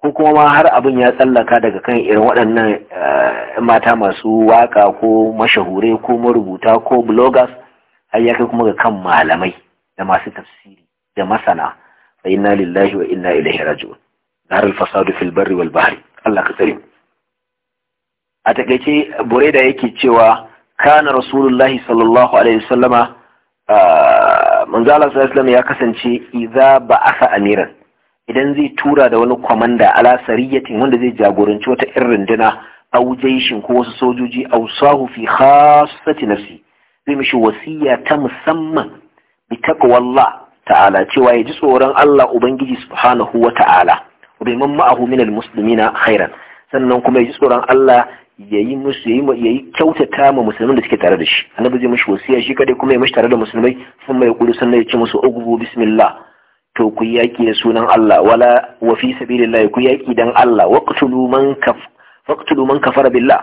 ko kuma ma har abin ya tsallaka daga kan irin waɗannan eh, mata masu waka ko mashahure ko marubuta ko bloggers har ya kai kuma ga kan malamai da masu tafsiri da masana fa inna lillahi wa inna ilaihi raji'un dar al fasadu fil barri wal bahri Allah ka tsare mu a takaice bureda yake cewa kana rasulullahi sallallahu alaihi wasallama ah, manzo Allah sallallahu ya kasance idza ba'atha amiran idan zai tura da wani komanda ala sariyatin wanda zai jagoranci wata irin runduna a jaishin ko wasu sojoji a sahu fi khassati nafsi zai mishi wasiya ta musamman bi taqwallah ta'ala cewa ya ji tsoron Allah ubangiji subhanahu wa ta'ala wa bi man ma'ahu minal muslimina khairan sannan kuma ya ji tsoron Allah yayi musu yayi yayi kyautata ma musulmin da suke tare da shi annabi zai mishi wasiya shi kadai kuma ya mishi tare da musulmai sun mai kudu sannan ya ce musu ugbu bismillah to ku yaki da sunan Allah wala wa fi sabilillah ku yaki dan Allah waqtulu man kaf waqtulu man kafara billah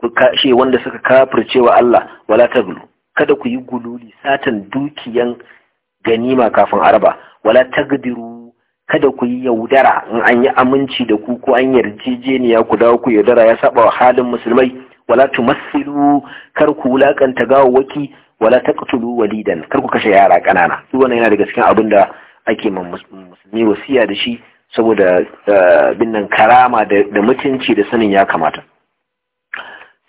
ku kashe wanda suka kafirce wa Allah wala taglu kada ku yi gululi satan dukiyan ganima kafin araba wala tagdiru kada ku yi yaudara in an yi aminci da ku ko an yarjejeniya ku dawo ku yaudara ya saba wa halin musulmai wala tumassilu kar ku wulakanta gawawwaki wala taqtulu walidan kar ku kashe yara kanana duk wannan yana daga cikin abin da ake man musulmi wasiya da shi saboda eh, nan karama da mutunci da sanin ya kamata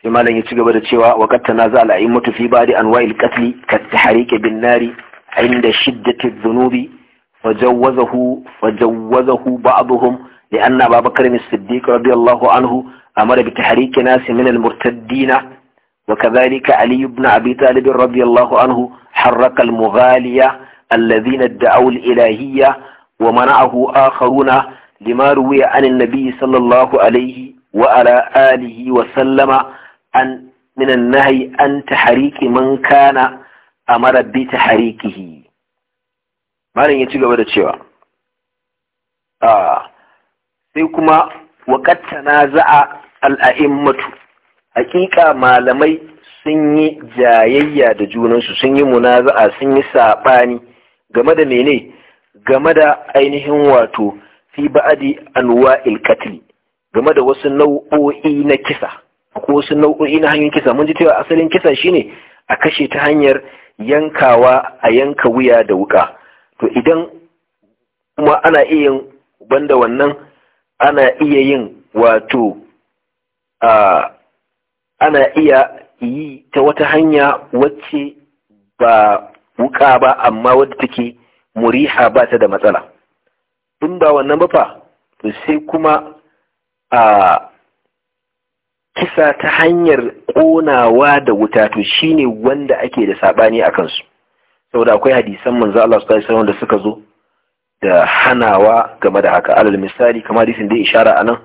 sai malam ya ci gaba da cewa wa za a al a'immatu fi ba'di anwa'il qatli kat tahriq bin nari inda shiddati dhunubi فجوزه فجوزه بعضهم لأن أبا بكر الصديق رضي الله عنه أمر بتحريك ناس من المرتدين وكذلك علي بن أبي طالب رضي الله عنه حرك المغالية الذين ادعوا الإلهية ومنعه آخرون لما روي عن النبي صلى الله عليه وعلى آله وسلم أن من النهي أن تحريك من كان أمر بتحريكه malam ya ci gaba da cewa ah, sai kuma waƙatta na za'a al'a'immatu hakika malamai sun yi jayayya da junansu sun yi munaza'a sun yi saɓani game da mene game da ainihin wato fi ba'adi anwa'il qatl game da wasu nau'o'i na kisa ko wasu nau'o'i na hanyoyin kisa mun ji cewa asalin kisa shine a kashe ta hanyar yankawa a yanka wuya da wuka to idan kuma ana iya yin banda wannan ana iya yin wato a ana iya yi ta wata hanya wacce ba wuka ba amma wadda take muriha ba ta da matsala in ba wannan ba fa to sai kuma a kisa ta hanyar ƙonawa da wuta to shine wanda ake da saɓani a kansu saboda akwai hadisan manzo Allah sallallahu alaihi wasallam da suka zo da hanawa game da haka alal misali kamar hadisin da ishara anan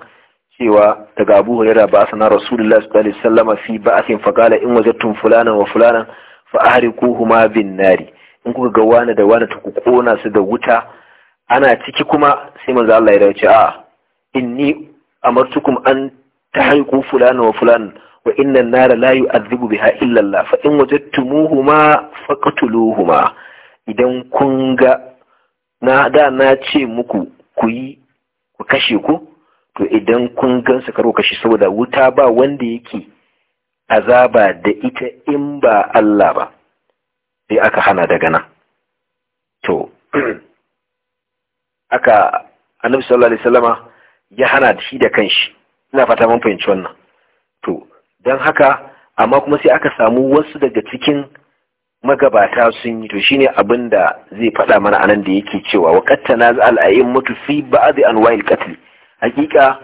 cewa daga Abu Hurairah ba sanar Rasulullah sallallahu alaihi wasallam fi ba'athin faqala in wajadtum fulanan wa fulanan fa ahriquhuma bin nari in kuka ga wani da wani ku kona su da wuta ana ciki kuma sai manzo Allah ya rawace a inni amartukum an tahriqu fulanan wa fulanan wa inna nara la yu'adhibu biha illa Allah fa in wajadtumuhuma faqtuluhuma idan kun ga na da na ce muku ku yi ku kashe ku to idan kun su karo kashe saboda wuta ba wanda yake azaba da ita in ba Allah ba sai aka hana daga nan to [CLEARS THROAT] aka annabi sallallahu alaihi wasallama ya hana shi da kanshi ina fata mun fahimci wannan to don haka amma kuma sai aka samu wasu daga cikin magabata sun yi to shine abin da zai faɗa mana anan da yake cewa wa qattana al ayyim mutu fi ba'd anwa'il qatl hakika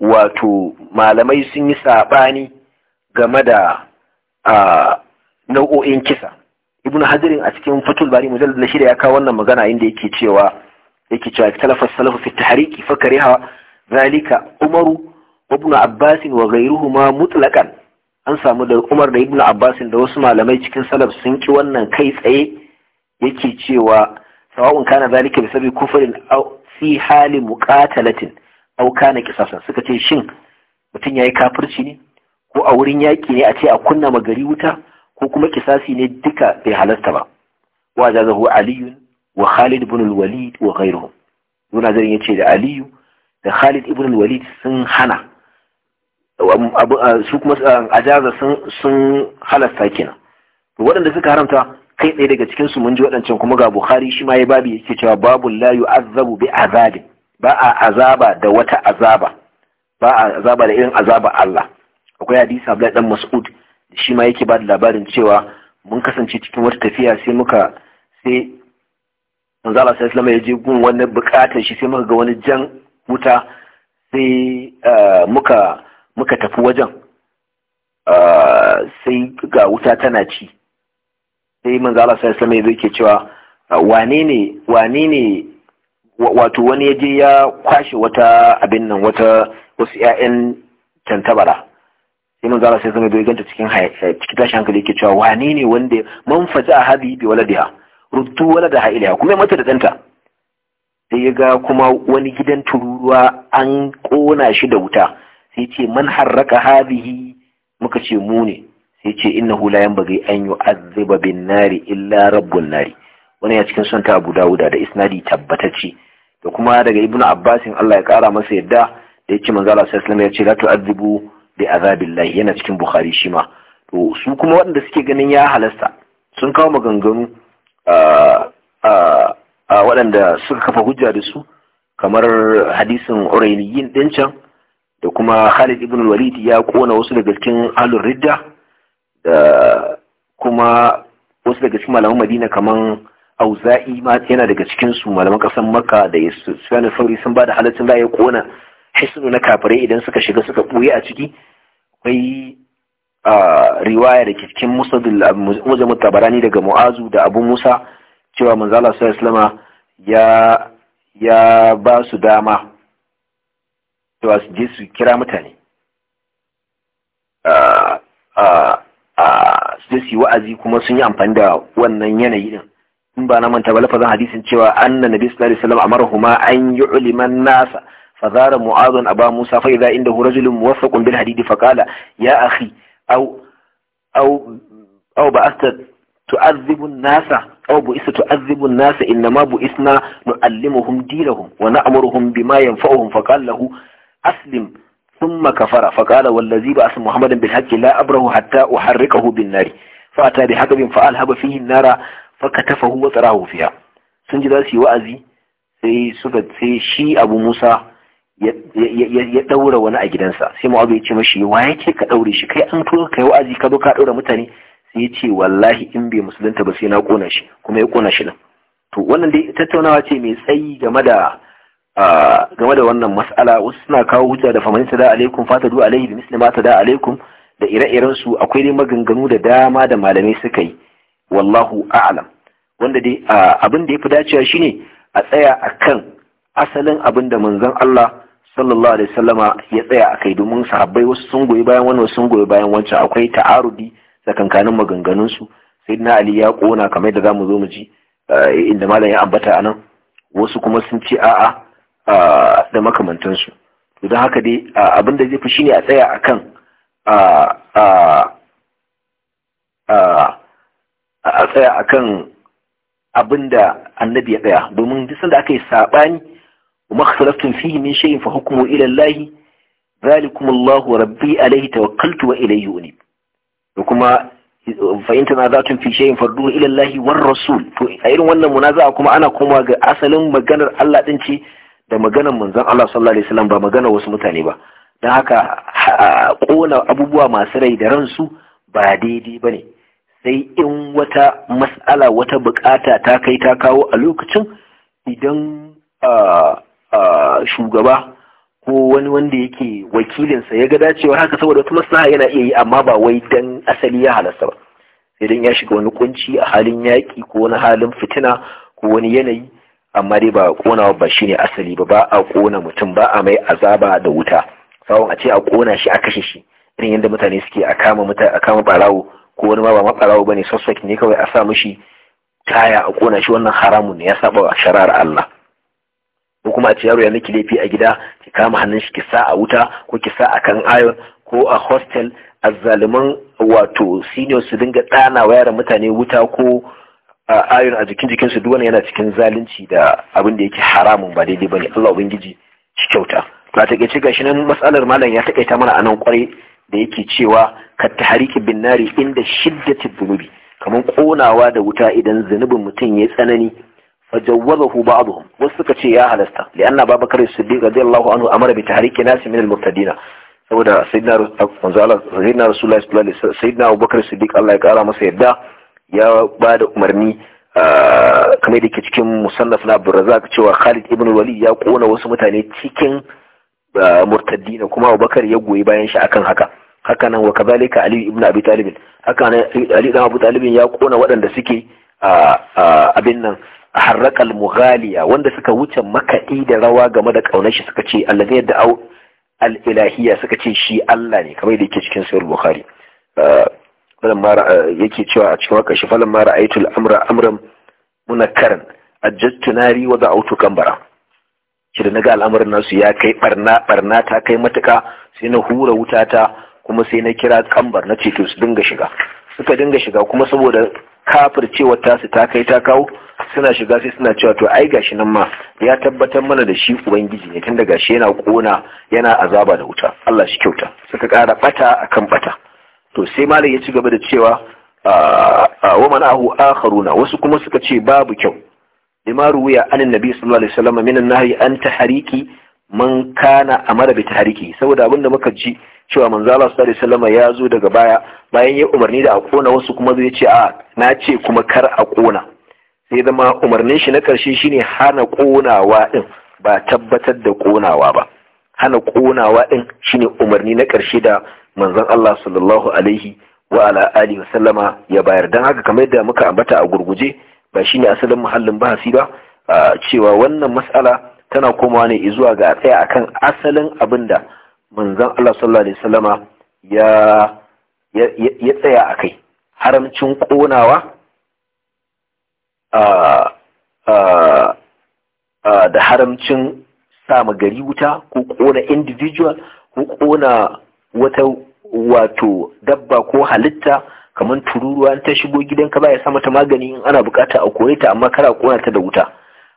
wato malamai sun yi sabani game da nau'o'in kisa ibn Hadirin a cikin fatul bari mujallad na shida ya kawo wannan magana inda yake cewa yake cewa talafa salafu fi tahriqi fakariha zalika umaru ibn abbas wa ghayruhuma mutlaqan an samu da umar da ibn abbas da wasu malamai cikin salaf sun ki wannan kai tsaye yake cewa sawa'un kana zalika bi sabi kufrin aw fi hali muqatalatin aw kana qisasan suka ce shin mutum yayi kafirci ne ko a wurin yaki ne a ce a kunna magari wuta ko kuma kisasi ne duka bai halasta ba wa jazahu aliyun wa khalid ibn al-walid wa ghayruhum yana zarin yace da aliyu da khalid ibn al-walid sun hana su kuma ajaza sun halasta kenan waɗanda suka haramta kai ɗaya daga cikin mun ji waɗancan kuma ga Bukhari shi ma ya babi yake cewa babu la yu'azzabu bi azabi ba a azaba da wata azaba ba a azaba da irin azaba Allah akwai hadisi Abdullahi dan Mas'ud shi ma yake ba da labarin cewa mun kasance cikin wata tafiya sai muka sai manzo Allah sallallahu alaihi ya je gun wani bukatar shi sai muka ga wani jan wuta sai eh, muka muka tafi wajen sai ga wuta tana ci sai manzo Allah sai sallama yazo yake cewa wane ne wane ne wato wani yaje ya kwashe wata abin nan wata wasu ƴaƴan tantabara sai manzo Allah sai sallama yazo ganta cikin cikin tashin hankali yake cewa wane ne wanda man faja hadhi bi waladiha rubtu waladaha ilaiha kuma mata da danta sai ya ga kuma wani gidan tururuwa an kona shi da wuta sai ce man harraka hadihi muka ce mu ne sai ce hula yan yanbaghi an yu'azziba bin nari illa rabbun nari wani ya cikin sunta Abu Dawuda da isnadi tabbatacce da kuma daga Ibn Abbasin Allah ya kara masa yadda da yace manzo Allah sallallahu alaihi ya ce la tu'azzibu bi azabillahi yana cikin Bukhari shi ma to su kuma waɗanda suke ganin ya halasta sun kawo maganganu a waɗanda suka kafa hujja da su kamar hadisin orainiyin ɗin can da kuma Khalid ibn Walid ya kona wasu daga cikin alur ridda da kuma wasu daga cikin malaman Madina kaman Auza'i ma yana daga cikin su malaman kasan Makka da Sufyan Sauri sun bada halaccin da ya kona hisnu na kafirai idan suka shiga suka buye a ciki akwai riwaya da cikin musadul mujammu tabarani daga Mu'azu da Abu Musa cewa Manzala sallallahu alaihi ya ya ba su dama cewa su je su kira mutane su je su yi wa'azi kuma sun yi amfani da wannan yanayi din in ba na manta ba lafazin hadisin cewa anna nabi sallallahu alaihi wasallam amarahuma an yu'liman nasa فزار معاذ أبا موسى فإذا عنده رجل موثق بالحديد فقال يا أخي أو أو أو بأست تؤذب الناس nasa, بئست تؤذب الناس إنما بئسنا نعلمهم دينهم ونأمرهم بما ينفعهم فقال له aslim ثم كفر فقال والذي بأس محمد بالحق لا أبره حتى أحرقه بالنار فأتى بحجب فألهب فيه النار فكتفه وطراه فيها سنجي ذاسي وأزي sai suka sai shi abu musa ya daura wani a gidansa sai mu'azu ya ce mashi wa yake ka daure shi kai an to kai wa'azi ka ka daura mutane sai ya ce wallahi in bai musulunta ba sai na kona shi kuma ya kona shi nan to wannan dai tattaunawa ce mai tsayi game da game da wannan mas'ala wasu suna kawo hujja da famanin da alaikum du alaihi bi misli ta, da alaikum da ire-iren su akwai dai maganganu da dama da malamai suka yi wallahu a'lam wanda dai abin da ya fi dacewa shine a tsaya akan asalin abin da manzon Allah sallallahu alaihi wasallama ya tsaya akai domin sahabbai wasu sun goyi bayan wannan sun goyi bayan wancan akwai ta'arudi tsakankanin maganganun su na Ali ya kona kamar da zamu zo mu ji eh, inda malam ya ambata anan wasu kuma sun ce a'a da makamantansu to don haka dai abin da zai fi shine a tsaya akan a tsaya akan abin da annabi ya tsaya domin duk sanda aka yi saɓani makhsalaftum fihi min shay'in fa hukmu ila Allah zalikum Allah rabbi alayhi tawakkaltu wa ilayhi unib da kuma fa in tanaza'tum fi shay'in fardu ila lahi war rasul to a irin wannan munaza'a kuma ana koma ga asalin maganar Allah din ce da maganar manzon Allah sallallahu alaihi wasallam ba maganar wasu mutane ba dan haka kona abubuwa masu rai da ransu ba daidai ba ne sai in wata mas'ala wata bukata ta kai ta kawo a lokacin idan shugaba ko wani wanda yake wakilinsa ya ga dacewa. haka saboda wata maslaha yana iya yi amma ba wai dan asali ya halasta ba sai dan ya shiga wani kunci a halin yaƙi ko wani halin fitina ko wani yanayi amma dai ba a konawa ba shi ne asali ba ba a kona mutum ba a mai azaba da wuta sawon a ce a kona shi a kashe shi irin yadda mutane suke a kama mutane a kama barawo ko wani ma ba mabarawo bane suspect ne kawai a sa mishi kaya a kona shi wannan haramun ne ya saba wa sharar Allah ko kuma a ce yaro ya miki laifi a gida ki kama hannun shi ki sa a wuta ko ki sa a kan ayon ko a hostel azzaluman wato senior su dinga ɗana wa yaran mutane wuta ko ayon a jikin jikinsu su wani yana cikin zalunci da abin da yake haramun ba daidai bane Allah ubangiji shi kyauta a takeice gashi nan matsalar malam ya takaita mana anan kwarai da yake cewa ka tahariki bin nari inda shiddati dhunubi kaman konawa da wuta idan zunubin mutum ya tsanani فجوزه بعضهم وسكتي يا هلستا لأن أبا بكر الصديق رضي الله عنه أمر بتحريك ناس من المرتدين saboda sayyidina manzala sayyidina rasulullahi sallallahu alaihi wasallam sayyidina abubakar siddiq Allah ya kara masa yadda ya ba da umarni kamar da ke cikin musannaf na razak cewa khalid ibn walid ya kona wasu mutane cikin murtaddi na kuma abubakar ya goyi bayan shi akan haka haka nan wa kazalika ali ibn abi talibin haka nan ali ibn abi talibin ya kona waɗanda suke abin nan harrakal mughaliya wanda suka wuce makaɗi da rawa game da ƙaunar shi suka ce allah ne yadda al-ilahiyya suka ce shi Allah ne kamar da yake cikin sayar bukhari falan mara yake cewa a cikin wakashi falan mara aitul amra amran munakkaran ajjattu nari wa da'utu kambara shi da naga al'amarin nasu ya kai barna barna ta kai matuka sai na hura wuta ta kuma sai na kira kambar na ceto su dinga shiga suka dinga shiga kuma saboda kafir cewa su ta kai ta kawo suna shiga sai suna cewa to ai gashi nan ma ya tabbatar mana da shi ubangiji ne tunda gashi yana kona yana azaba da wuta Allah shi kyauta suka kara bata akan bata to sai malam ya ci gaba da cewa a wa manahu akharuna wasu kuma suka ce babu kyau lima ruwiya anin nabi sallallahu alaihi wasallam min an-nahyi an tahriki man kana amara bi tahriki saboda abinda muka ji cewa manzo Allah sallallahu alaihi wasallam ya zo daga baya bayan ya umarni da a kona wasu kuma zai ce a na ce kuma kar a kona sai zama umarnin shi na karshe shine hana konawa din ba tabbatar da konawa ba hana konawa din shine umarni na karshe da manzon Allah sallallahu alaihi wa ala alihi wa sallama ya bayar dan haka kamar yadda muka ambata a gurguje ba shine asalin muhallin bahasi ba cewa wannan mas'ala tana komawa ne zuwa ga tsaya akan asalin abinda manzon Allah sallallahu alaihi sallama ya ya tsaya akai haramcin konawa da haramcin sa gari wuta ko kona individual ko kona wata wato dabba ko halitta kamar tururuwa ta shigo gidanka ba ya sa mata magani in ana bukata a kore ta amma kada a kona ta da wuta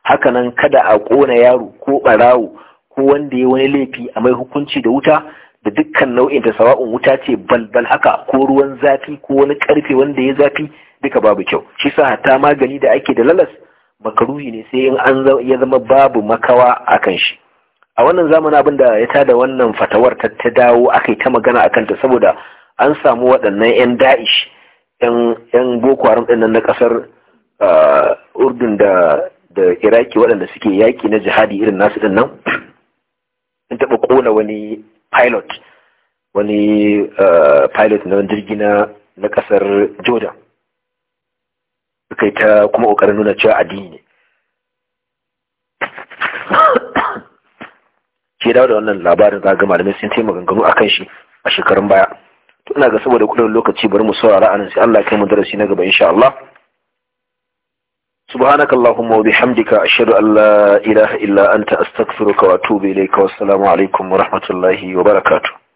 hakanan kada a kona yaro ko barawo ko wanda ya wani laifi a mai hukunci da wuta da dukkan nau'in ta sawa'un wuta ce balbal haka ko ruwan zafi ko wani karfe wanda ya zafi duka babu kyau shi sa hatta magani da ake da lalas makaruhi ne sai in an ya zama babu makawa akan shi a wannan zamanin abin da ya tada wannan fatawar ta ta dawo aka yi ta magana akan ta saboda an samu waɗannan 'yan da'ish 'yan boko haram ɗin na ƙasar uh, urdun da da iraki waɗanda suke yaƙi na jihadi irin nasu ɗin nan taɓa ƙona wani pilot wani uh, pilot na jirgi na ƙasar jordan suka yi ta kuma ƙoƙarin nuna cewa addini ne ke dawo da wannan labarin zaga malamai sun taimaka maganganu a kan shi a shekarun baya to ina ga saboda kudin lokaci bari mu saurara anan sai Allah ya kai mu darasi na gaba insha Allah سبحانك اللهم وبحمدك أشهد أن لا إله إلا أنت أستغفرك وأتوب إليك والسلام عليكم ورحمة wa وبركاته